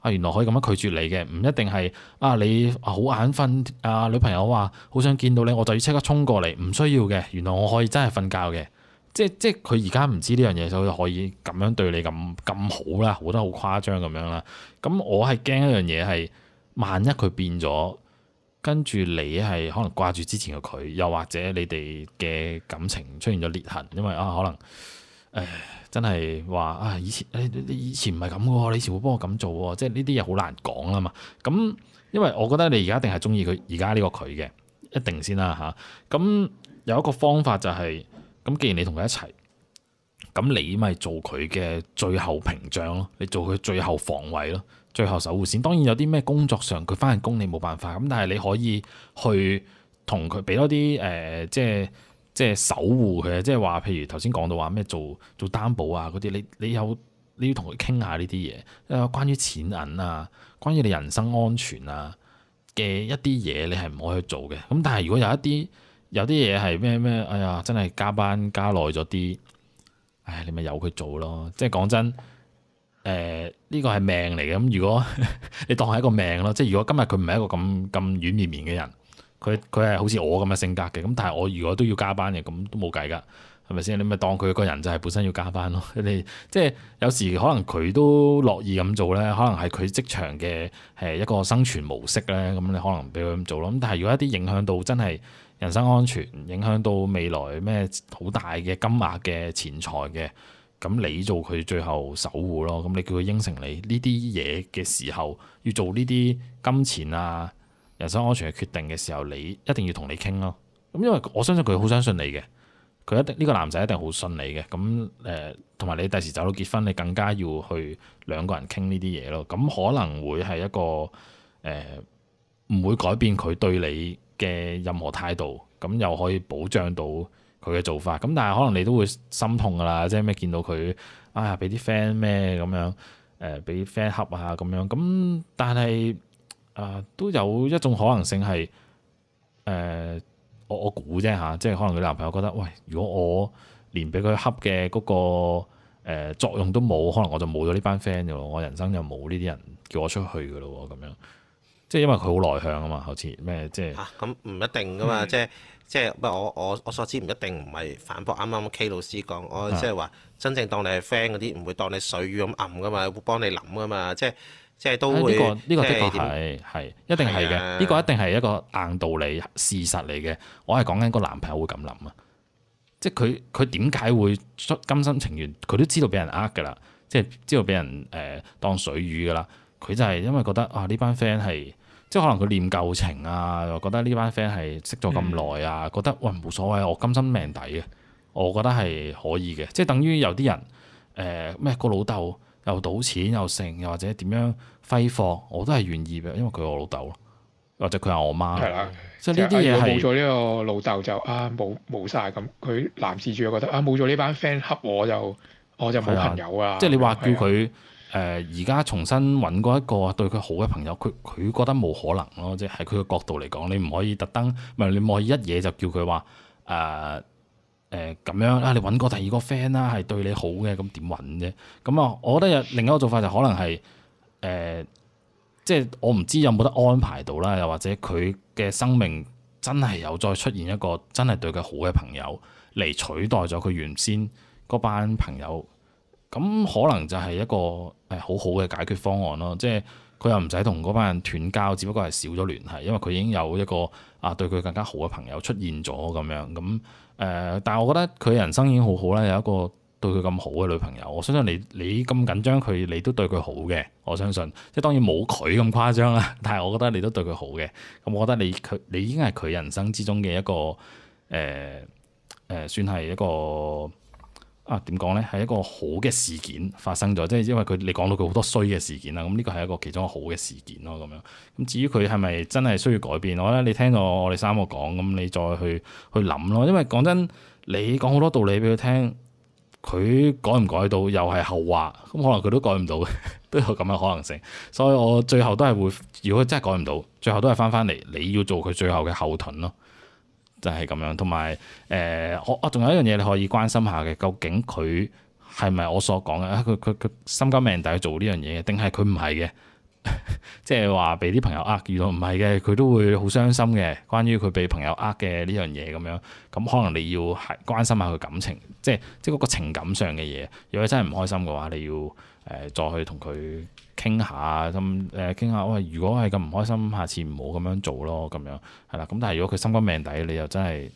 啊，原來可以咁樣拒絕你嘅，唔一定係啊，你好眼瞓啊，女朋友話好想見到你，我就要即刻衝過嚟，唔需要嘅，原來我可以真係瞓覺嘅。即即佢而家唔知呢樣嘢，就可以咁樣對你咁咁好啦，好得好誇張咁樣啦。咁我係驚一樣嘢係，萬一佢變咗，跟住你係可能掛住之前嘅佢，又或者你哋嘅感情出現咗裂痕，因為啊可能誒真係話啊以前以前唔係咁嘅喎，你以前會幫我咁做喎，即係呢啲嘢好難講啊嘛。咁因為我覺得你而家一定係中意佢而家呢個佢嘅，一定先啦吓，咁，啊，有一個方法就係。咁既然你同佢一齊，咁你咪做佢嘅最後屏障咯，你做佢最後防衛咯，最後守護線。當然有啲咩工作上佢翻緊工，你冇辦法。咁但係你可以去同佢俾多啲誒，即係即係守護佢。即係話，譬如頭先講到話咩做做擔保啊嗰啲，你你有你要同佢傾下呢啲嘢，關於錢銀啊，關於你人生安全啊嘅一啲嘢，你係唔可以去做嘅。咁但係如果有一啲有啲嘢係咩咩？哎呀，真係加班加耐咗啲，唉，你咪由佢做咯。即係講真，誒呢個係命嚟嘅。咁如果 [laughs] 你當係一個命咯，即係如果今日佢唔係一個咁咁軟綿綿嘅人，佢佢係好似我咁嘅性格嘅。咁但係我如果都要加班嘅，咁都冇計㗎，係咪先？你咪當佢個人就係本身要加班咯。你即係有時可能佢都樂意咁做咧，可能係佢職場嘅誒一個生存模式咧。咁你可能俾佢咁做咯。咁但係如果一啲影響到真係～人身安全影響到未來咩好大嘅金額嘅錢財嘅，咁你做佢最後守護咯。咁你叫佢應承你呢啲嘢嘅時候，要做呢啲金錢啊、人身安全嘅決定嘅時候，你一定要同你傾咯。咁因為我相信佢好相信你嘅，佢一定呢、這個男仔一定好信你嘅。咁誒，同、呃、埋你第時走到結婚，你更加要去兩個人傾呢啲嘢咯。咁可能會係一個誒，唔、呃、會改變佢對你。嘅任何態度，咁又可以保障到佢嘅做法，咁但係可能你都會心痛噶啦，即係咩見到佢，哎呀俾啲 friend 咩咁樣，誒俾 friend 恰下咁樣，咁但係誒、呃、都有一種可能性係，誒、呃、我我估啫嚇，即係可能佢男朋友覺得，喂，如果我連俾佢恰嘅嗰個、呃、作用都冇，可能我就冇咗呢班 friend 咯，我人生就冇呢啲人叫我出去噶咯咁樣。即係因為佢好內向啊嘛，好似咩即係咁唔一定噶嘛，嗯、即係即係我我我所知唔一定唔係反駁啱啱 K 老師講，我即係話、啊、真正當你係 friend 嗰啲，唔會當你水魚咁暗噶嘛，嗯、會幫你諗噶嘛，即係即係都會。呢、這個呢個係係一定係嘅，呢個一定係一個硬道理事實嚟嘅。我係講緊個男朋友會咁諗啊，即係佢佢點解會甘心情願？佢都知道俾人呃㗎啦，即、就、係、是、知道俾人誒當水魚㗎啦。佢就係因為覺得啊呢班 friend 係即係可能佢念舊情啊，又覺得呢班 friend 係識咗咁耐啊，覺得、啊、覺得「喂，冇所謂，我甘心命抵啊」，我覺得係可以嘅。即係等於有啲人誒咩、呃、個老豆又賭錢又勝，又或者點樣揮霍，我都係願意嘅，因為佢我老豆咯，或者佢係我媽。係啦的，即係呢啲嘢係冇咗呢個老豆就啊冇冇曬咁。佢男事主又覺得啊冇咗呢班 friend 恰我就我就冇朋友啊。即係你話叫佢的。誒，而家重新揾過一個對佢好嘅朋友，佢佢覺得冇可能咯，即係佢嘅角度嚟講，你唔可以特登，唔係你唔可以一嘢就叫佢話誒誒咁樣啊！你揾個第二個 friend 啦、啊，係對你好嘅，咁點揾啫？咁、嗯、啊，我覺得有另一個做法就可能係誒、呃，即係我唔知有冇得安排到啦，又或者佢嘅生命真係有再出現一個真係對佢好嘅朋友嚟取代咗佢原先嗰班朋友。咁可能就係一個誒好好嘅解決方案咯，即係佢又唔使同嗰班人斷交，只不過係少咗聯繫，因為佢已經有一個啊對佢更加好嘅朋友出現咗咁樣。咁誒、呃，但係我覺得佢人生已經好好啦，有一個對佢咁好嘅女朋友。我相信你你咁緊張佢，你都對佢好嘅。我相信，即係當然冇佢咁誇張啦，但係我覺得你都對佢好嘅。咁我覺得你佢你已經係佢人生之中嘅一個誒誒，算係一個。呃呃啊，點講咧？係一個好嘅事件發生咗，即係因為佢你講到佢好多衰嘅事件啦，咁、這、呢個係一個其中個好嘅事件咯，咁樣。咁至於佢係咪真係需要改變，我咧你聽過我哋三個講，咁你再去去諗咯。因為講真，你講好多道理俾佢聽，佢改唔改到又係後話，咁可能佢都改唔到，都有咁嘅可能性。所以我最後都係會，如果真係改唔到，最後都係翻返嚟，你要做佢最後嘅後盾咯。就係咁樣，同埋誒，我我仲有一樣嘢你可以關心下嘅，究竟佢係咪我所講嘅？佢佢佢心甘命抵去做呢樣嘢，定係佢唔係嘅？即係話俾啲朋友呃，遇到唔係嘅，佢都會好傷心嘅。關於佢被朋友呃嘅呢樣嘢咁樣，咁可能你要係關心下佢感情，即係即係嗰個情感上嘅嘢。如果真係唔開心嘅話，你要誒、呃、再去同佢傾下咁誒傾下。喂、呃，如果係咁唔開心，下次唔好咁樣做咯，咁樣係啦。咁但係如果佢心肝命底，你又真係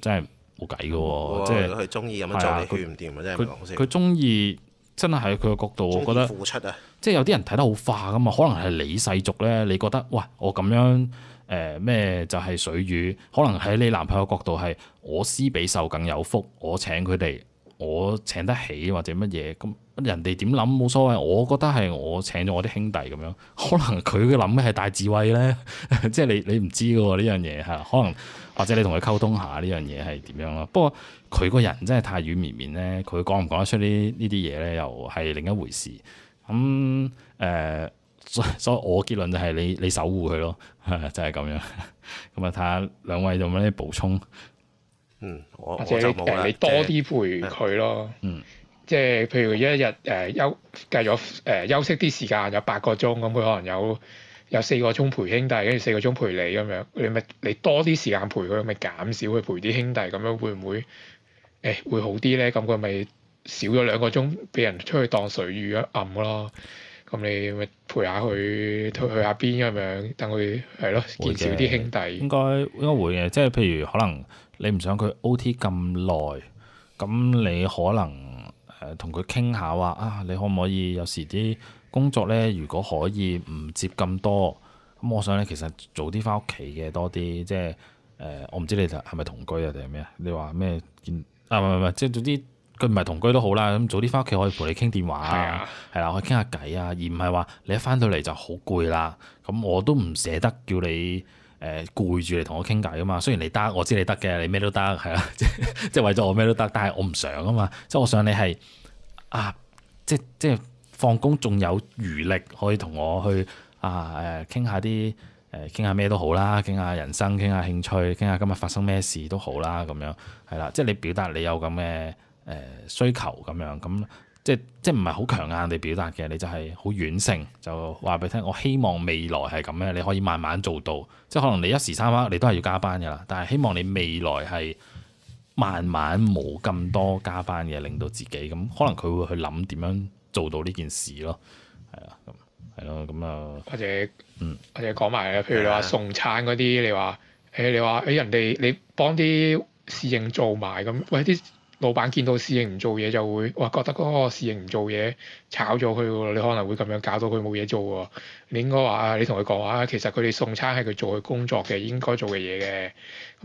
真係冇計㗎喎。嗯哦、即係佢中意咁樣做，佢唔掂佢中意真係喺佢個角度，我覺得付出啊。即係有啲人睇得好化噶嘛，可能係你世俗咧，你覺得嘩，我咁樣誒咩、呃、就係水魚，可能喺你男朋友角度係我施比受更有福，我請佢哋，我請得起或者乜嘢，咁人哋點諗冇所謂，我覺得係我請咗我啲兄弟咁樣，可能佢嘅諗嘅係大智慧咧， [laughs] 即係你你唔知噶喎，呢樣嘢吓，可能或者你同佢溝通下呢樣嘢係點樣咯。不過佢個人真係太軟綿綿咧，佢講唔講得出呢呢啲嘢咧，又係另一回事。咁誒、呃，所以我結論就係你你守護佢咯，呵呵就係、係、咁樣。咁啊，睇下兩位有咩啲補充？嗯，或者誒，你多啲陪佢咯。嗯、即係譬如一日誒、呃、休，計咗誒、呃、休息啲時間有八個鐘，咁佢可能有有四個鐘陪兄弟，跟住四個鐘陪你咁樣。你咪你多啲時間陪佢，咪減少去陪啲兄弟，咁樣會唔會誒會好啲咧？咁佢咪？少咗兩個鐘，俾人出去當水魚啊，暗咯！咁你咪陪下佢，退去下邊咁樣，等佢係咯，的見少啲兄弟。應該應該會嘅，即係譬如可能你唔想佢 OT 咁耐，咁你可能誒同佢傾下話啊，你可唔可以有時啲工作咧？如果可以唔接咁多，咁我想咧其實早啲翻屋企嘅多啲，即係誒、呃、我唔知你就係咪同居啊定係咩啊？你話咩見啊？唔係唔係，即係總之。佢唔係同居都好啦，咁早啲翻屋企可以陪你傾電話，係啦、啊，可以傾下偈啊，而唔係話你一翻到嚟就好攰啦。咁我都唔捨得叫你誒攰住嚟同我傾偈噶嘛。雖然你得，我知你得嘅，你咩都得係啦，即係即係為咗我咩都得，但係我唔想啊嘛。即係我想你係啊，即即放工仲有餘力可以同我去啊誒傾下啲誒傾下咩都好啦，傾下人生，傾下興趣，傾下今日發生咩事都好啦，咁樣係啦，即係、就是、你表達你有咁嘅。誒、呃、需求咁樣咁、嗯，即係即係唔係好強硬地表達嘅，你就係好軟性就話俾你聽。我希望未來係咁樣，你可以慢慢做到。即係可能你一時三刻你都係要加班㗎啦，但係希望你未來係慢慢冇咁多加班嘅，令到自己咁可能佢會去諗點樣做到呢件事咯，係、嗯、啊，咁係咯，咁啊，或者嗯或者講埋譬如的你話送餐嗰啲，你話誒、欸，你話誒人哋你幫啲侍應做埋咁，喂啲。老闆見到侍應唔做嘢就會，哇覺得嗰個侍應唔做嘢炒咗佢喎，你可能會咁樣搞到佢冇嘢做喎。你應該話啊，你同佢講啊，其實佢哋送餐係佢做嘅工作嘅，應該做嘅嘢嘅，咁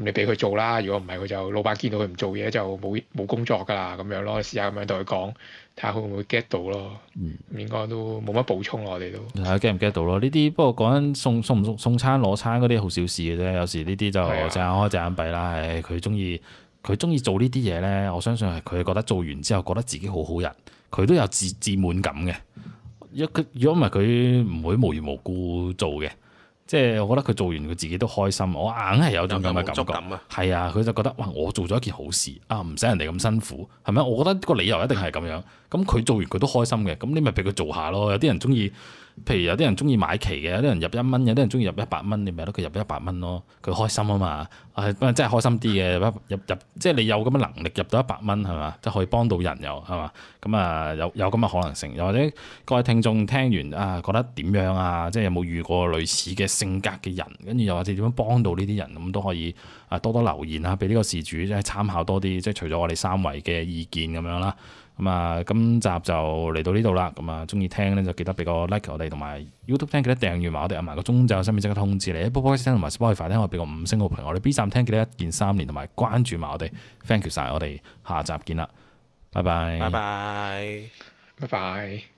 你俾佢做啦。如果唔係，佢就老闆見到佢唔做嘢就冇冇工作㗎啦，咁樣咯。試下咁樣對佢講，睇下佢會唔會 get 到咯。嗯，應該都冇乜補充咯，我哋都睇下 get 唔 get 到咯。呢啲不過講緊送送唔送餐攞餐嗰啲好小事嘅啫，有時呢啲就隻眼開隻眼閉啦。佢中意。佢中意做呢啲嘢呢，我相信係佢覺得做完之後覺得自己好好人，佢都有自自滿感嘅。若佢如果唔係佢唔會無緣無故做嘅，即係我覺得佢做完佢自己都開心。我硬係有種咁嘅感覺，係啊，佢就覺得哇，我做咗一件好事啊，唔使人哋咁辛苦，係咪？我覺得個理由一定係咁樣。咁佢做完佢都開心嘅，咁你咪俾佢做下咯。有啲人中意。譬如有啲人中意買旗嘅，有啲人入一蚊，有啲人中意入一百蚊，你咪得佢入一百蚊咯，佢開心啊嘛，啊真係開心啲嘅，入入即係你有咁嘅能力入到一百蚊係嘛？即係可以幫到人又係嘛？咁啊有有咁嘅可能性，又或者各位聽眾聽完啊覺得點樣啊？即係有冇遇過類似嘅性格嘅人，跟住又或者點樣幫到呢啲人，咁都可以啊多多留言啊，俾呢個事主即係參考多啲，即係除咗我哋三位嘅意見咁樣啦。咁啊，今集就嚟到呢度啦。咁啊，鍾意聽咧就記得俾個 like 我哋，同埋 YouTube 聽記得訂閱埋我哋，埋個鐘就有新面即刻通知你。Podcast 聽同埋 Spotify 聽我俾個五星好評。我哋 B 站聽記得一鍵三連，同埋關注埋我哋。Thank you 晒，我哋下集見啦，拜拜，拜拜，拜拜。